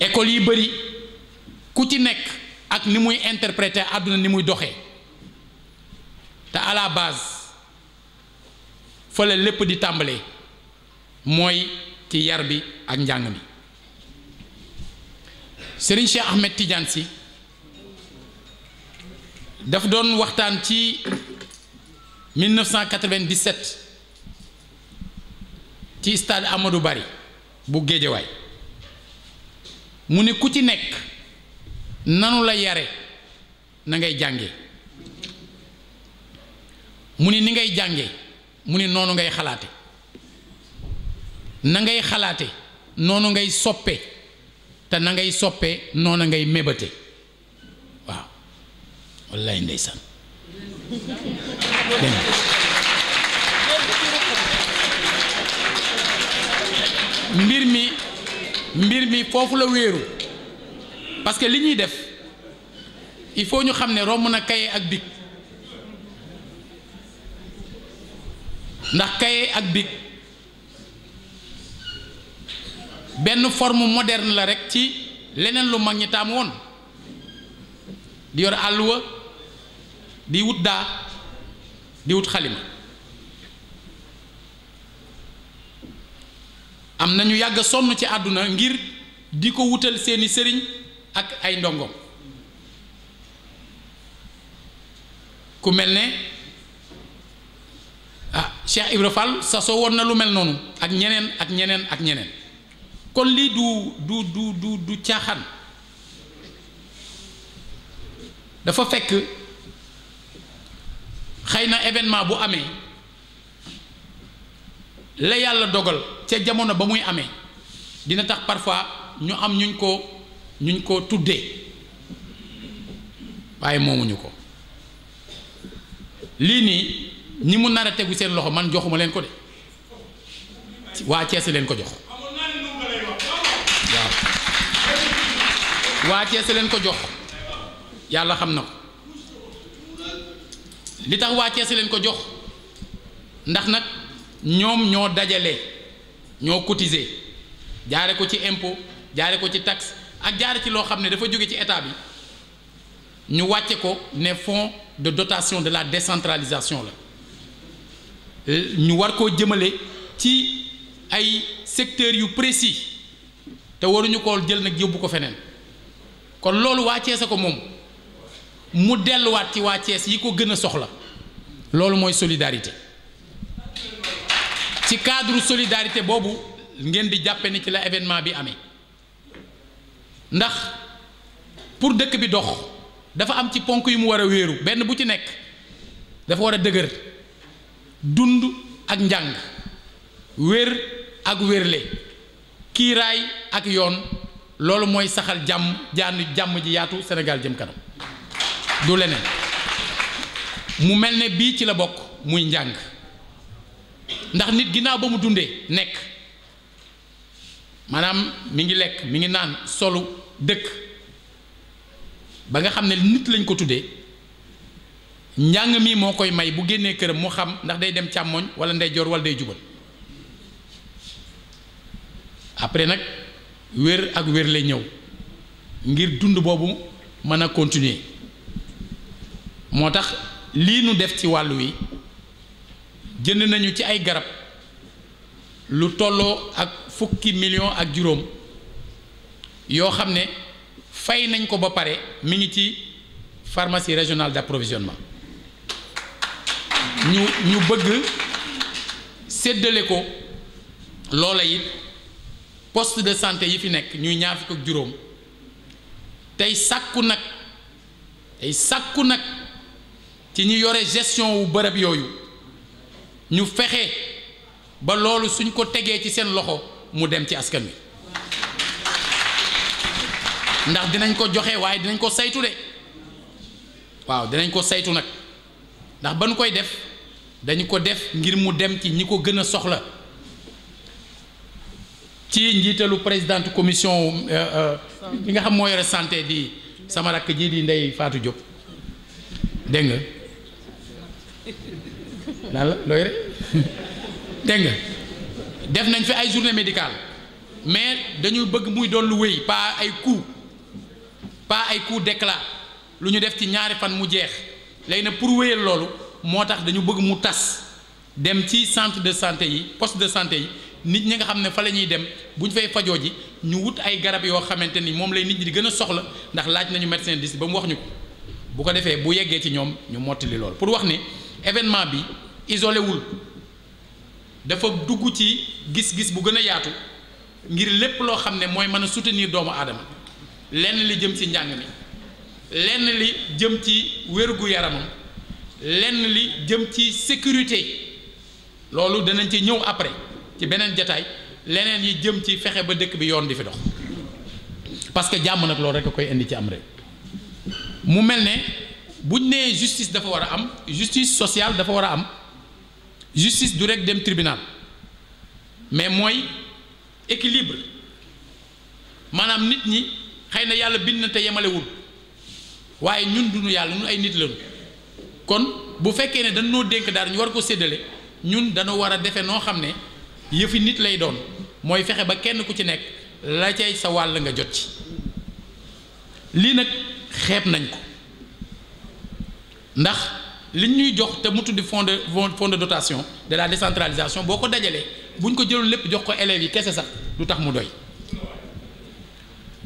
école yi bëri ku ci nekk ak ni muy interpréter àdduna ni muy doxee te à la base fële lépp di tàmbale mooy ci yar bi ak njàng mi Serigne Cheikh Ahmed Tidiane Sy daf doon waxtaan ci 1997 ci stade Amadou bari bu Géejawaay mu ne ku ci nekk nanu la yare na ngay jànge mu ne ni ngay jànge mu ne noonu ngay xalaate na ngay xalaate noonu ngay soppe te na ngay soppe noonu ngay mébate waaw wallaay ndeysaan mbir mi mbir mi foofu la wéeru parce que li ñuy def il faut ñu xam ne romb na kaye ak big ndax kaye ak big benn forme moderne la rekk ci leneen lu mag ñi taam woon di yor àlluwa di wut daa di wut xalima am na ñu yàgg a sonn ci àdduna ngir di ko wutal seeni sëriñ ak ay ndongom ku mel ne ah Cheikh Ibra Fall sasoo woon na lu mel noonu ak ñeneen ak ñeneen ak ñeneen kon lii du du du du caaxaan dafa fekk xëy na événement bu amee la yàlla dogal ca jamono ba muy amee dina tax parfois ñu am ñuñ ko ñuñ ko tuddee waaye moomuñu ko lii nii ñi mu nar a tegu seen loxo man joxuma leen ko de waa Cees leen ko jox waa Cees leen ko jox yàlla xam na ko li tax waa Cees leen ko jox ndax nag ñoom ñoo dajale ñoo cotiser jaare ko ci impo jaare ko ci taxe ak jaare ci loo xam ne dafa jóge ci état bi ñu wàcce ko ne fonds de dotation de la décentralisation la euh, ñu war koo jëmale ci ay secteurs yu précis te waruñu ko jël nag yóbbu ko feneen kon loolu waa Cees ko moom mu delluwaat ci waa Cees yi ko gën a soxla loolu mooy solidarité ci cadre solidarité boobu ngeen di jàppe ni ci la événement bi amee ndax pour dëkk bi dox dafa am ci ponk yu mu war a wéeru benn bu ci nekk dafa war a dëgër dund ak njàng wér ak wérle kiiraay ak yoon loolu mooy saxal jàmm jaanu jàmm ji yaatu senegal jëm kanam du leneen mu mel ne bii ci la bokk muy njàng ndax nit ginnaaw ba mu dundee nekk maanaam mi ngi lekk mi ngi naan solu dëkk ba nga xam ne nit lañ ko tuddee njàng mi moo koy may bu génnee këram mu xam ndax day dem càmmoñ wala ndey joor wala day jubal après nag wér ak wér lay ñëw ngir dund boobu mën a continuer moo tax lii nu def ci wàll wi jënd nañu ci ay garab lu tolloo ak fukki million ak juróom yoo xam ne fay nañ ko ba pare mi ngi ci pharmacie régionale d'approvisionnement ñu ñu bëgg séddale ko loola it poste de santé yi fi nekk ñuy ñaar ak juróom tey sàkku nag tey sàkku nag ci ñu yore gestion wu bërëb yooyu ñu fexe ba loolu suñ ko tegee ci seen loxo mu dem ci askan wi ndax dinañ ko joxe waaye dinañ ko saytu de waaw dinañ ko saytu nag ndax ba nu koy def dañu ko def ngir mu dem ci ñi ko gën a soxla ci njiitalu présidente commission euh, euh, bi nga xam moo yore santé di sama rakk ji di Ndeye faatu jóg dégg nga lan la looy rek dégg nga def nañ fi ay journée médicale mais dañu bëgg muy doon lu wéy pas ay coup pas ay coup d'éclat lu ñu def ci ñaari fan mu jeex léegi na pour wéyal loolu moo tax dañu bëgg mu tas dem ci centre de santé yi poste de santé yi nit ñi nga xam ne fa la ñuy dem bu ñu fay fajoo ji ñu wut ay garab yoo xamante ni moom lay nit ñi di gën a soxla ndax laaj nañu médecin ba mu wax ñu ko bu ko defee bu yeggee ci ñoom ñu mottali loolu pour wax ni événement bi isolé wul dafa dugg ci gis-gis bu gën a yaatu ngir lépp loo xam ne mooy man a soutenir doomu aadama lenn li jëm ci njàng mi lenn li jëm ci wérgu yaramam lenn li jëm ci sécurité loolu danañ ci ñëw après ci beneen jataay leneen yi jëm ci fexe ba dëkk bi yoon di fi dox parce que jàmm nag loolu rek a koy indi ci am rek mu mel ne buñ nee justice dafa war a am justice sociale dafa war a am justice du rek dem tribunal mais mooy équilibre maanaam nit ñi xëy na yàlla bind na te yemalewul waaye ñun duñu yàlla ñun ay nit lañu kon bu fekkee ne dañoo dénk daal ñu war ko séddale ñun dañoo war a defe noo xam ne yëfi nit lay doon mooy fexe ba kenn ku ci nekk la cay sa wàll nga jot ci lii nag xeeb nañ ko ndax li ñuy jox te mu tuddi fond de fond de dotation de la décentralisation boo ko dajalee bu ñu ko jëloon lépp jox ko élèves yi kese sax du tax mu doy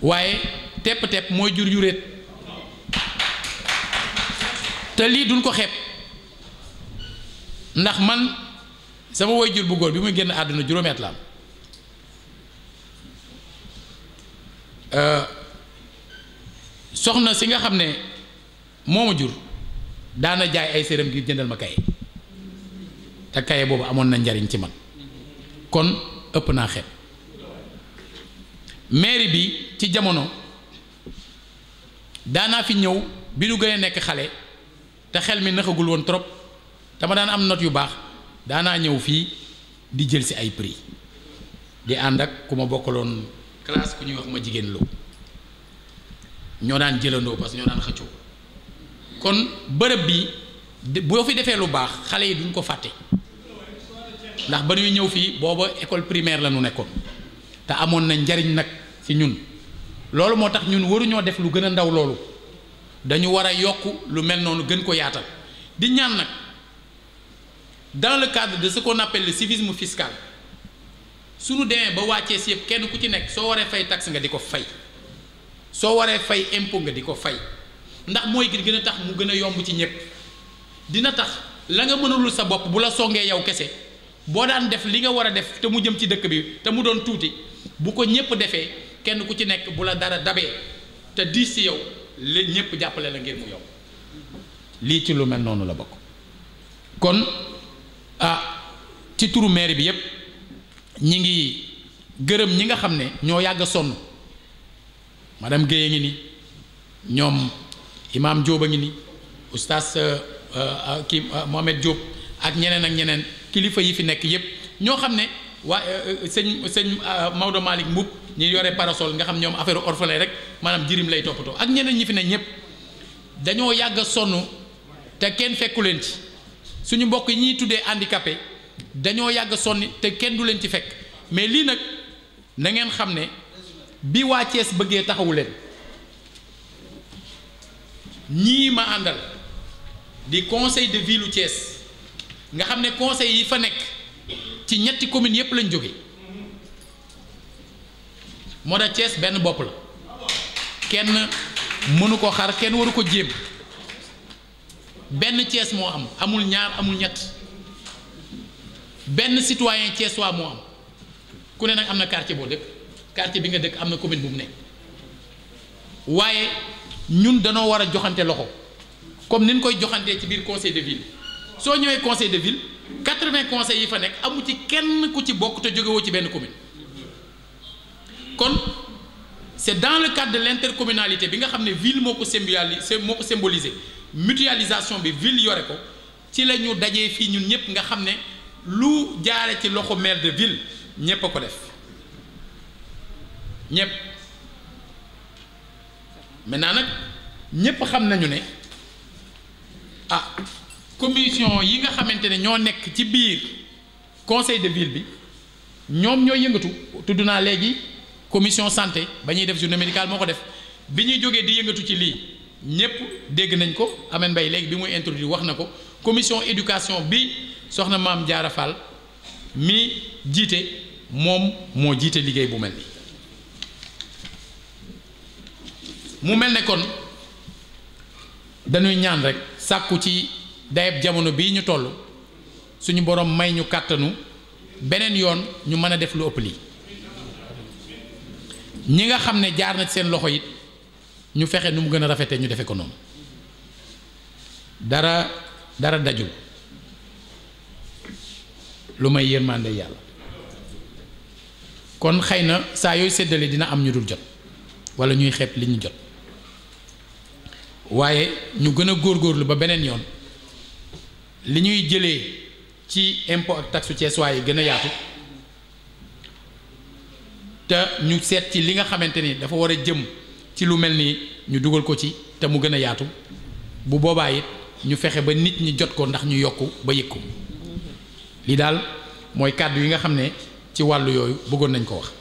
waaye tepp-tepp mooy jur yu te lii dul ko xeeb ndax man sama woy jur bu góor bi muy génn àdduna juróomi at la am euh, soxna si nga xam ne mooma jur daana jaay ay séeram ngir jëndal ma kaye te kaye boobu amoon na njariñ ci man kon ëpp naa xet mairie bi ci jamono daanaa fi ñëw bi nu gën a nekk xale te xel mi naxagul woon trop dama daan am note yu baax daanaa ñëw fii di jël si ay prix di ànd ak ku ma bokkaloon classe ku ñuy wax ma jigéen loo ñoo daan jëlandoo parce que ñoo daan xëccoo kon bërëb bi boo fi defee lu baax xale yi duñ ko fàtte ndax ba ñuy ñëw fii booba école primaire la nekkoon te amoon na njariñ nag ci ñun loolu moo tax ñun waruñoo def lu gën a ndaw loolu dañu war a yokk lu mel noonu gën ko yaatal di ñaan nag dans le cadre de ce qu'on appelle le civisme fiscal sunu demee ba wàccee si yëpp kenn ku ci nekk soo waree fay taxe nga di ko fay soo waree fay impo nga di ko fay ndax mooy gir gën a tax mu gën a yomb ci ñépp dina tax la nga mënalul sa bopp bu la songee yow kese boo daan def li nga war a def te mu jëm ci dëkk bi te mu doon tuuti bu ko ñëpp defee kenn ku ci nekk bu la dara dabee te diis ci yow li ñëpp jàppale la ngir mu yomb lii ci lu mel noonu la bokk kon ah ci turu maire bi yépp ñi ngi gërëm ñi nga xam ne ñoo yàgg a sonn madame Guèye ngi ni ñoom imaam Diop a ngi nii oustaz euh, euh, kii euh, Mohamed Diop ak ñeneen ak ñeneen kilifa yi fi nekk yépp ñoo xam ne waa sëñ sëñ Maodo Malick Mboup ñu yore parasol nga xam ñoom affaire orphelin rek maanaam jirim lay toppatoo ak ñeneen ñi fi ne ñëpp dañoo yàgg a sonn te kenn fekku leen ci suñu mbokk yi ñuy tuddee handicapé dañoo yàgg sonn sonni te kenn du leen ci fekk mais lii nag na ngeen xam ne bi waa cees bëggee taxawu leen. ñii ma àndal di conseil de ville u Thiès nga xam ne conseil yi fa nekk ci ñetti communes yépp lañ jóge moo tax benn bopp la kenn mënu ko xar kenn waru ko jéem benn Thiès moo am amul ñaar amul ñett benn cees waa moo am ku ne nag am na quartier boo dëkk quartier bi nga dëkk am na commune bu mu nekk waaye ñun danoo war a joxante loxo comme ni ñu koy joxantee ci biir conseil de ville soo ñëwee conseil de ville quatre-vingts conseils yi fa nekk amu ci kenn ku ci bokk te jógewoo ci benn commune kon c'est dans le cadre de l'intercommunalité bi nga xam ne ville moo ko symbolisé moo ko symbolisé mutualisation bi ville yore ko ci la ñu dajee fii ñun ñëpp nga xam ne lu jaare ci loxo maire de ville ñëpp a ko def ñëpp. maintenant nag ñépp xam nañu ne ah commission yi nga xamante ne ñoo nekk ci biir conseil de ville bi ñoom ñooy yëngatu tudd naa léegi commission santé ba ñuy def journée médicale moo ko def bi ñuy jógee di yëngatu ci lii ñépp dégg nañ ko Amène Mbaye léegi bi muy introduire wax na ko commission éducation bi soxna maam Diarra Fall mi jiite moom moo jiite liggéey bu mel nii mu mel ne kon dañuy ñaan rek sàkku ci dayab jamono bii ñu toll suñu borom may ñu kàttanu beneen yoon ñu mën a def lu ëpp lii ñi nga xam ne jaar na seen loxo it ñu fexe nu mu gën a rafetee ñu defe ko noonu dara dara dajul lu may yërmande yàlla kon xëy na saa yooyu séddale dina am ñu dul jot wala ñuy xeeb li ñu jot waaye ñu gën a góor góorlu ba beneen yoon li ñuy jëlee ci impôt ak taxu ceesuwaay yi gën a yaatu te ñu seet ci li nga xamante ni dafa war a jëm ci lu mel ni ñu dugal ko ci te mu gën a yaatu bu boobaay it ñu fexe ba nit ñi jot ko ndax ñu yokk ba yëg ko li daal mooy kàddu yi nga xam ne ci wàllu yooyu bëggoon nañ ko wax